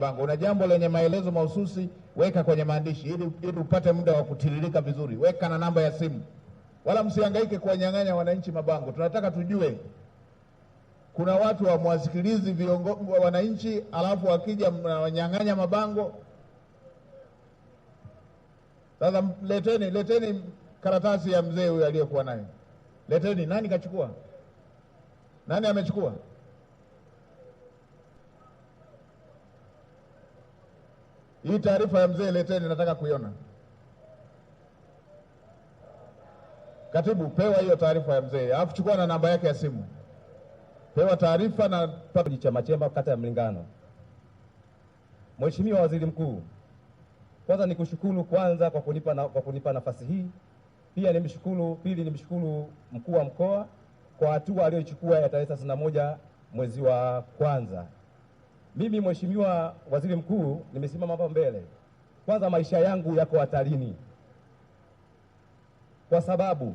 Bango, una jambo lenye maelezo mahususi weka kwenye maandishi ili, ili upate muda wa kutiririka vizuri. Weka na namba ya simu, wala msihangaike kuwanyang'anya wananchi mabango. Tunataka tujue kuna watu wamwasikilizi viongozi wananchi, alafu wakija mnawanyang'anya mabango. Sasa leteni, leteni karatasi ya mzee huyo aliyekuwa nayo, leteni. Nani kachukua? Nani amechukua? Hii taarifa ya mzee leteni, nataka kuiona. Katibu, pewa hiyo taarifa ya mzee, alafu chukua na namba yake ya simu, pewa taarifa na cha Machemba, kata ya Mlingano. Mheshimiwa Waziri Mkuu, kwanza nikushukuru kwanza kwa kunipa na, kwa kunipa nafasi hii, pia nimshukuru, pili nimshukuru mkuu wa mkoa kwa hatua aliyochukua ya tarehe 31 mwezi wa kwanza mimi Mheshimiwa Waziri Mkuu, nimesimama hapa mbele, kwanza maisha yangu yako hatarini, kwa sababu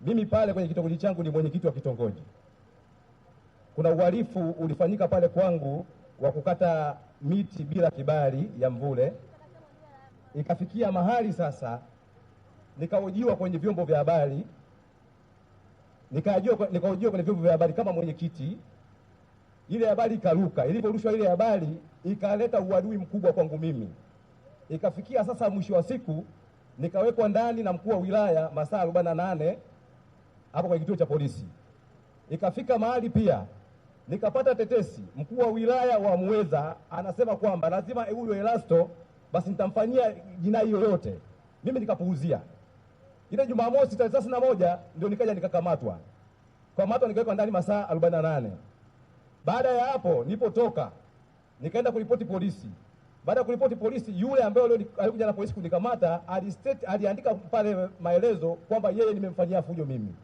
mimi pale kwenye kitongoji changu ni mwenyekiti wa kitongoji. Kuna uhalifu ulifanyika pale kwangu wa kukata miti bila kibali ya Mvule, ikafikia mahali sasa nikaojiwa kwenye vyombo vya habari, nikaojiwa kwenye vyombo vya habari kama mwenyekiti ile habari ikaruka. Ilivyorushwa ile habari ikaleta uadui mkubwa kwangu mimi, ikafikia sasa mwisho wa siku nikawekwa ndani na mkuu wa wilaya masaa arobaini na nane hapo kwa kituo cha polisi. Ikafika mahali pia nikapata tetesi, mkuu wa wilaya wa Muheza anasema kwamba lazima huyo Erasto basi nitamfanyia jinai yoyote. Mimi nikapuuzia. Ile Jumamosi tarehe thelathini na moja ndio nikaja nikakamatwa, kamatwa nikawekwa ndani masaa arobaini na nane. Baada ya hapo nilipotoka nikaenda kuripoti polisi. Baada ya kuripoti polisi, yule ambaye alikuja na polisi kunikamata alistate, aliandika pale maelezo kwamba yeye nimemfanyia fujo mimi,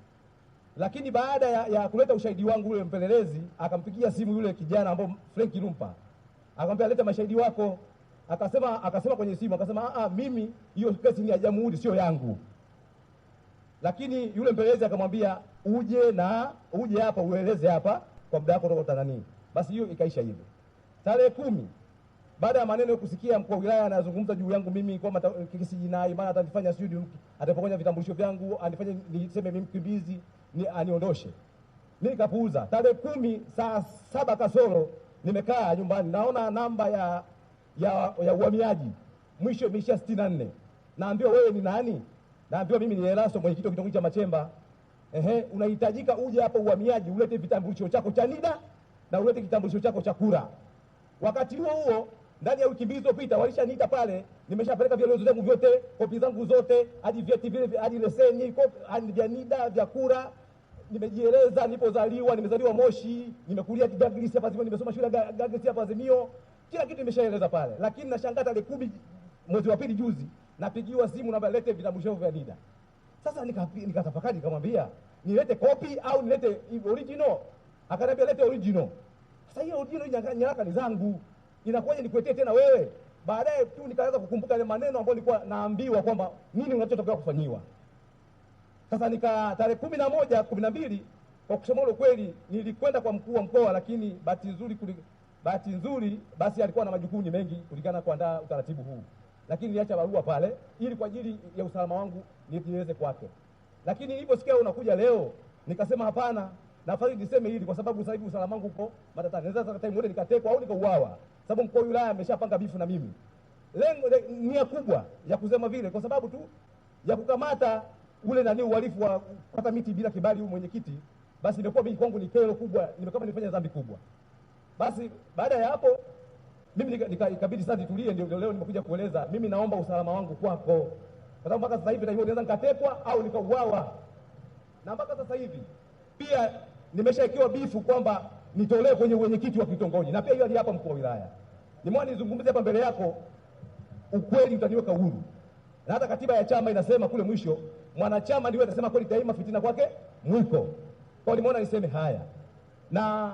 lakini baada ya, ya kuleta ushahidi wangu, yule mpelelezi akampigia simu yule kijana ambaye Frank Lumpa akamwambia, leta mashahidi wako. Akasema akasema kwenye simu akasema, a ah, ah, mimi hiyo kesi ni ya jamhuri, sio yangu. Lakini yule mpelelezi akamwambia, uje na uje hapa ueleze hapa kwa muda wako utakutana nini. Basi hiyo ikaisha hivyo. Tarehe kumi baada ya maneno kusikia mkuu wa wilaya anazungumza juu yangu mimi kwa kesi jinai, maana atanifanya sijui atapokonya vitambulisho vyangu, anifanye niseme mimi mkimbizi, ni aniondoshe. Nikapuuza. Tarehe kumi saa saba kasoro nimekaa nyumbani, naona namba ya ya, ya uhamiaji mwisho imeishia 64 nne. Naambiwa wewe ni nani? Naambiwa mimi ni Erasto, mwenyekiti wa kitongoji cha Machemba Ehe, unahitajika uje hapa uhamiaji ulete vitambulisho chako cha NIDA na ulete kitambulisho chako cha kura. Wakati huo huo, ndani ya wiki mbili zilizopita walishaniita pale, nimeshapeleka vielelezo vyangu vyote, kopi zangu zote, hadi vyeti vile hadi leseni, hadi vya NIDA vya kura. Nimejieleza nilipozaliwa, nimezaliwa Moshi, nimekulia Kigagris hapa Azimio, nimesoma shule ya Gagris hapa Azimio. Kila kitu nimeshaeleza pale, lakini nashangaa tarehe kumi mwezi wa pili juzi napigiwa simu, namba lete vitambulisho vya NIDA. Sasa nikatafakari nikamwambia nilete kopi au nilete original? Akaniambia lete original. Sasa hiyo original nyaraka ni zangu, inakuwaje nikuletee tena wewe? Baadaye tu nikaanza kukumbuka ile maneno ambayo nilikuwa naambiwa kwamba nini unachotokea kufanyiwa. Sasa nika tarehe kumi na moja kumi na mbili kwa kusema ule kweli, nilikwenda kwa mkuu wa mkoa, lakini bahati nzuri bahati nzuri basi alikuwa na majukumu mengi kulingana kuandaa utaratibu huu lakini niliacha barua pale ili kwa ajili ya usalama wangu niweze kwake. Lakini niliposikia unakuja leo, nikasema hapana, nafasi niseme hili kwa sababu sasa hivi usalama wangu uko matatani. Naweza sasa time nikatekwa au nikauawa, sababu mkuu wa wilaya ameshapanga bifu na mimi. Lengo nia kubwa ya kusema vile kwa sababu tu ya kukamata ule nani uhalifu wa kukata miti bila kibali, huyu mwenyekiti, basi imekuwa mimi kwangu ni kero kubwa, nimekuwa nifanya dhambi kubwa. Basi baada ya hapo mimi ikabidi sasa nitulie, ndio leo nimekuja kueleza. Mimi naomba usalama wangu kwako, kwa sababu mpaka sasa hivi naweza nikatekwa au nikauawa, na mpaka sasa hivi pia nimeshaikiwa bifu kwamba nitolewe kwenye uwenyekiti wa kitongoji, na pia hiyo hapa mkuu wa wilaya. Nimeona nizungumze hapa mbele yako, ukweli utaniweka huru, na hata katiba ya chama inasema kule mwisho, mwanachama ndiye atasema kweli daima, fitina kwake mwiko. Kwa hiyo nimeona niseme haya na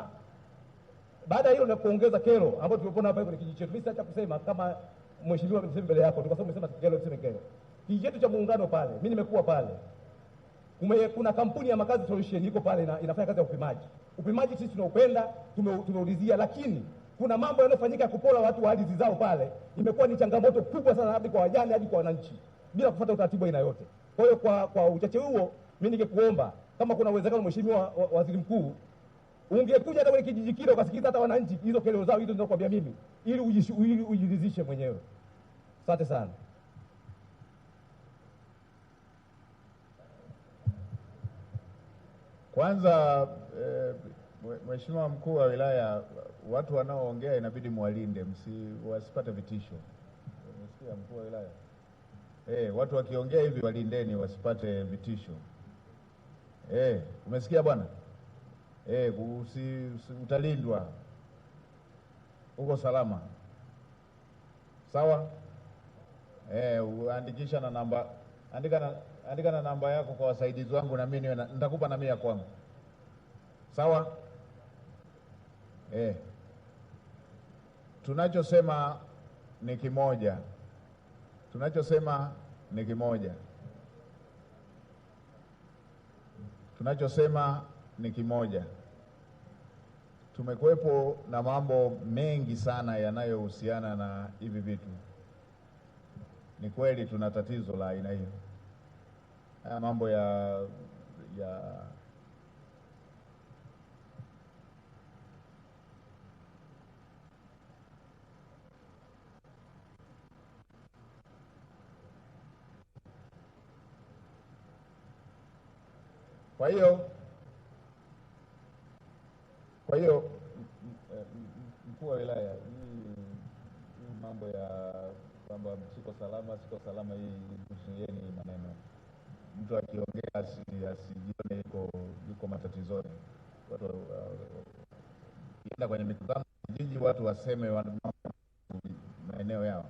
baada ya hilo na kuongeza kero ambayo tumepona hapa kwenye kijiji chetu, mimi sitaki kusema kama mheshimiwa amesema mbele yako, kwa sababu umesema kero, tuseme kero. Kijiji chetu cha Muungano pale, mimi nimekuwa pale, kuna kampuni ya Makazi Solution iko pale na inafanya kazi ya upimaji. Upimaji sisi tunaupenda, tumeulizia, lakini kuna mambo yanayofanyika ya kupola watu wa ardhi zao pale, imekuwa ni changamoto kubwa sana, hadi kwa wajane, hadi kwa wananchi, bila kufuata utaratibu aina yote. Kwa hiyo kwa, kwa uchache huo, mimi ningekuomba kama kuna uwezekano, mheshimiwa waziri mkuu Ungekuja hata kwenye kijiji kile ukasikiza hata wananchi hizo kelele zao hizo zinazokuambia mimi, ili ili ujiridhishe mwenyewe. Asante sana. Kwanza eh, Mheshimiwa mkuu wa wilaya, watu wanaoongea inabidi mwalinde, wasipate vitisho. Umesikia mkuu wa wilaya? Eh, watu wakiongea hivi walindeni wasipate vitisho. Eh, umesikia bwana? eh, kusi, utalindwa uko salama sawa. Eh, uandikisha na namba, andika na, andika na namba yako kwa wasaidizi wangu, na mimi nitakupa na mimi ya kwangu sawa. Eh, tunachosema ni kimoja, tunachosema ni kimoja, tunachosema ni kimoja. Tumekuwepo na mambo mengi sana yanayohusiana na hivi vitu. Ni kweli tuna tatizo la aina hiyo, haya mambo ya ya kwa hiyo kwa hiyo mkuu wa wilaya, hii mambo ya kwamba siko salama, siko salama, hii zuieni maneno. Mtu akiongea asijione iko yuko matatizoni. Watu ukienda kwenye mikutano jiji, watu waseme maeneo yao.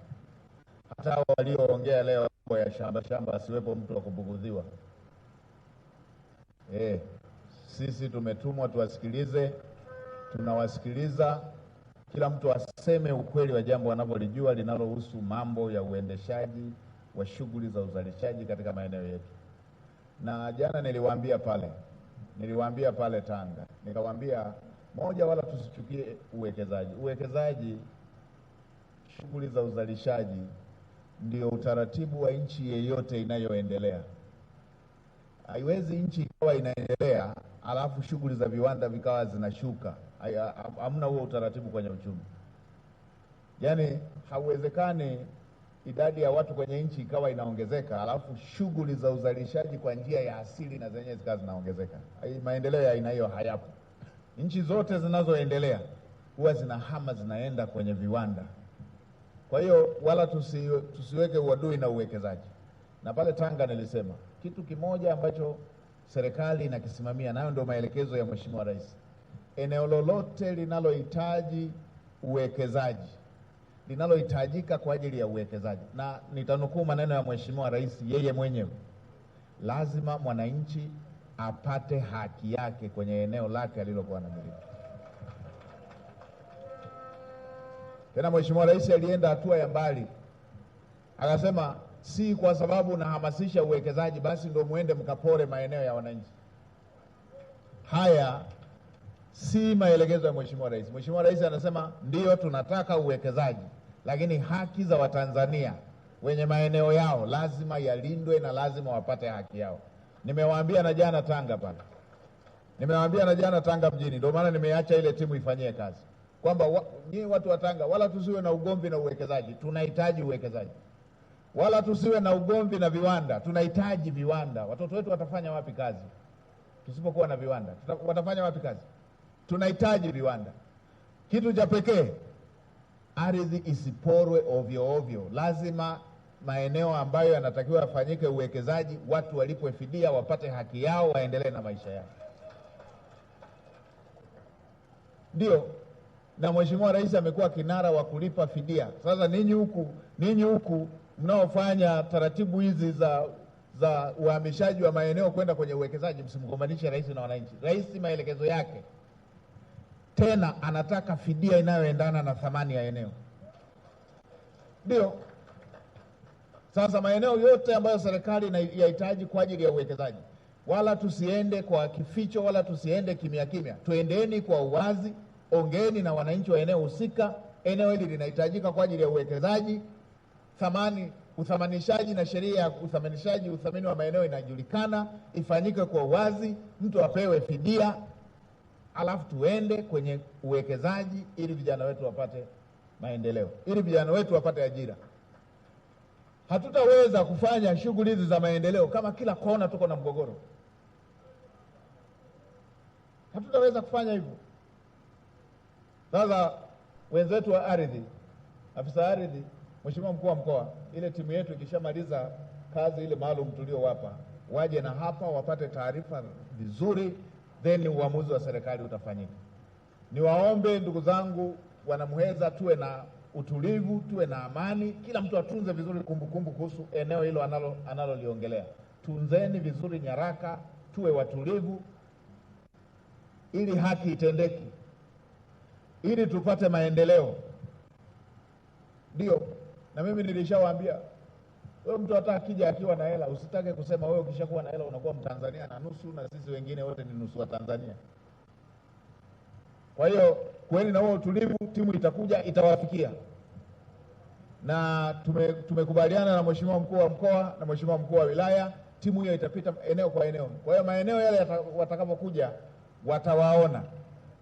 Hata hao walioongea leo mambo ya shamba shamba, asiwepo mtu wa kubugudhiwa. Eh, sisi tumetumwa tuwasikilize tunawasikiliza, kila mtu aseme ukweli wa jambo wanavyolijua linalohusu mambo ya uendeshaji wa shughuli za uzalishaji katika maeneo yetu. Na jana niliwaambia pale, niliwaambia pale Tanga, nikawaambia moja, wala tusichukie uwekezaji. Uwekezaji, shughuli za uzalishaji ndio utaratibu wa nchi yeyote inayoendelea. Haiwezi nchi ikawa inaendelea alafu shughuli za viwanda vikawa zinashuka hamna huo utaratibu kwenye uchumi. Yaani hauwezekani idadi ya watu kwenye nchi ikawa inaongezeka alafu shughuli za uzalishaji kwa njia ya asili na zenyewe zikawa zinaongezeka. Maendeleo ya aina hiyo hayapo. Nchi zote zinazoendelea huwa zinahama zinaenda kwenye viwanda. Kwa hiyo wala tusi, tusiweke uadui na uwekezaji. Na pale Tanga nilisema kitu kimoja ambacho serikali inakisimamia, nayo ndio maelekezo ya Mheshimiwa Rais eneo lolote linalohitaji uwekezaji linalohitajika kwa ajili ya uwekezaji, na nitanukuu maneno ya Mheshimiwa Rais yeye mwenyewe, lazima mwananchi apate haki yake kwenye eneo lake alilokuwa anamiliki. Tena Mheshimiwa Rais alienda hatua ya mbali akasema, si kwa sababu nahamasisha uwekezaji basi ndio muende mkapore maeneo ya wananchi. Haya si maelekezo ya Mheshimiwa Rais. Mheshimiwa Rais anasema ndiyo, tunataka uwekezaji, lakini haki za Watanzania wenye maeneo yao lazima yalindwe na lazima wapate haki yao. Nimewaambia na jana Tanga pale, nimewaambia na jana Tanga mjini, ndio maana nimeacha ile timu ifanyie kazi kwamba wa, nyie watu wa Tanga wala tusiwe na ugomvi na uwekezaji, tunahitaji uwekezaji, wala tusiwe na ugomvi na viwanda, tunahitaji viwanda. Watoto wetu watafanya wapi kazi tusipokuwa na viwanda? Watafanya wapi kazi? tunahitaji viwanda. Kitu cha pekee, ardhi isiporwe ovyo ovyo. Lazima maeneo ambayo yanatakiwa yafanyike uwekezaji, watu walipwe fidia, wapate haki yao, waendelee na maisha yao. Ndio, na Mheshimiwa Rais amekuwa kinara wa kulipa fidia. Sasa ninyi huku ninyi huku mnaofanya taratibu hizi za za uhamishaji wa maeneo kwenda kwenye uwekezaji, msimgombanishe rais na wananchi. Rais maelekezo yake tena anataka fidia inayoendana na thamani ya eneo. Ndio sasa maeneo yote ambayo serikali inahitaji kwa ajili ya uwekezaji, wala tusiende kwa kificho, wala tusiende kimya kimya, tuendeni kwa uwazi, ongeeni na wananchi wa eneo husika. Eneo hili linahitajika kwa ajili ya uwekezaji, thamani uthamanishaji na sheria ya uthamanishaji, uthamini wa maeneo inajulikana, ifanyike kwa uwazi, mtu apewe fidia alafu tuende kwenye uwekezaji ili vijana wetu wapate maendeleo, ili vijana wetu wapate ajira. Hatutaweza kufanya shughuli hizi za maendeleo kama kila kona tuko na mgogoro. Hatutaweza kufanya hivyo. Sasa wenzetu wa ardhi, afisa ardhi, mheshimiwa mkuu wa mkoa, ile timu yetu ikishamaliza kazi ile maalum tuliowapa, waje na hapa wapate taarifa vizuri then uamuzi wa serikali utafanyika. Niwaombe ndugu zangu Wanamheza, tuwe na utulivu, tuwe na amani, kila mtu atunze vizuri kumbukumbu kuhusu eneo hilo analoliongelea. tunzeni vizuri nyaraka, tuwe watulivu ili haki itendeke, ili tupate maendeleo. Ndio, na mimi nilishawaambia wewe mtu hata akija akiwa na hela usitake kusema wewe ukishakuwa na hela unakuwa Mtanzania na nusu, na sisi wengine wote ni nusu wa Tanzania. Kwa hiyo kweli na huo utulivu, timu itakuja itawafikia, na tume, tumekubaliana na mheshimiwa mkuu wa mkoa na mheshimiwa mkuu wa wilaya, timu hiyo itapita eneo kwa eneo. Kwa hiyo maeneo yale watakapokuja watawaona,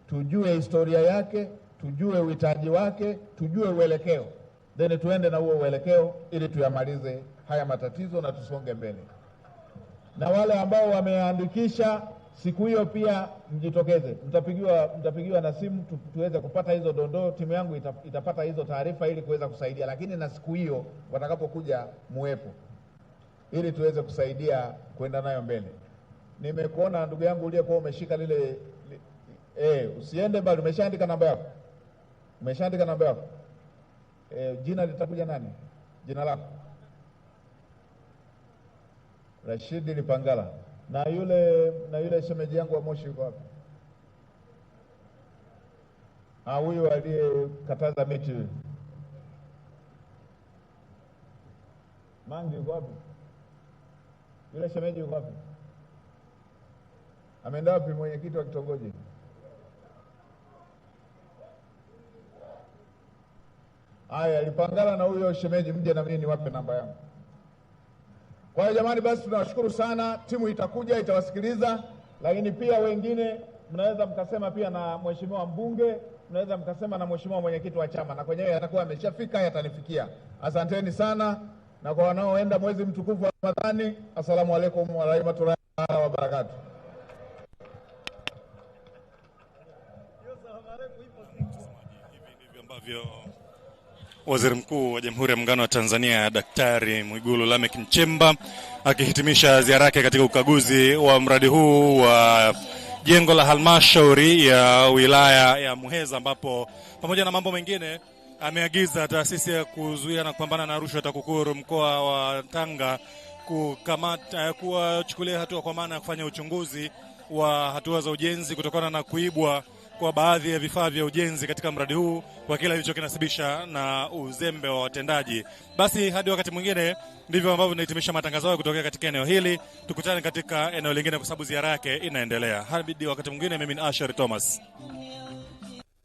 tujue historia yake, tujue uhitaji wake, tujue uelekeo, then tuende na huo uelekeo ili tuyamalize haya matatizo na tusonge mbele. Na wale ambao wameandikisha siku hiyo pia mjitokeze, mtapigiwa mtapigiwa na simu tu, tuweze kupata hizo dondoo. Timu yangu itapata hizo taarifa ili kuweza kusaidia, lakini na siku hiyo watakapokuja muwepo, ili tuweze kusaidia kwenda nayo mbele. Nimekuona ndugu yangu uliyekuwa umeshika lile li, eh, usiende bali, umeshaandika namba yako, umeshaandika namba yako. Eh, jina litakuja nani? Jina lako Rashidi Lipangala na yule na yule shemeji yangu wa Moshi yuko wapi? Ah, huyu aliyekataza mechi Mangi yuko wapi? Yule shemeji yuko wapi? Ameenda wapi mwenyekiti wa kitongoji? aya Lipangala na huyo shemeji, mje na mimi niwape namba yangu. Kwa hiyo jamani, basi tunawashukuru sana, timu itakuja itawasikiliza, lakini pia wengine mnaweza mkasema pia na mheshimiwa mbunge, mnaweza mkasema na mheshimiwa mwenyekiti wa chama, na kwenyewe atakuwa ameshafika, yatanifikia. Asanteni sana, na kwa wanaoenda mwezi mtukufu wa Ramadhani, assalamu alaikum warahmatullahi wabarakatu. ambavyo Waziri Mkuu wa Jamhuri ya Muungano wa Tanzania Daktari Mwigulu Lamek mchemba akihitimisha ziara yake katika ukaguzi wa mradi huu wa jengo la halmashauri ya wilaya ya Muheza, ambapo pamoja na mambo mengine ameagiza taasisi ya kuzuia na kupambana na rushwa TAKUKURU mkoa wa Tanga kukamata kuwachukulia hatua kwa maana ya kufanya uchunguzi wa hatua za ujenzi kutokana na kuibwa kwa baadhi ya vifaa vya ujenzi katika mradi huu kwa kile kinasibisha na uzembe wa watendaji. Basi hadi wakati mwingine, ndivyo ambavyo tunahitimisha matangazo hayo kutokea katika eneo hili. Tukutane katika eneo lingine, kwa sababu ziara yake inaendelea. Hadi wakati mwingine, mimi ni asher Thomas.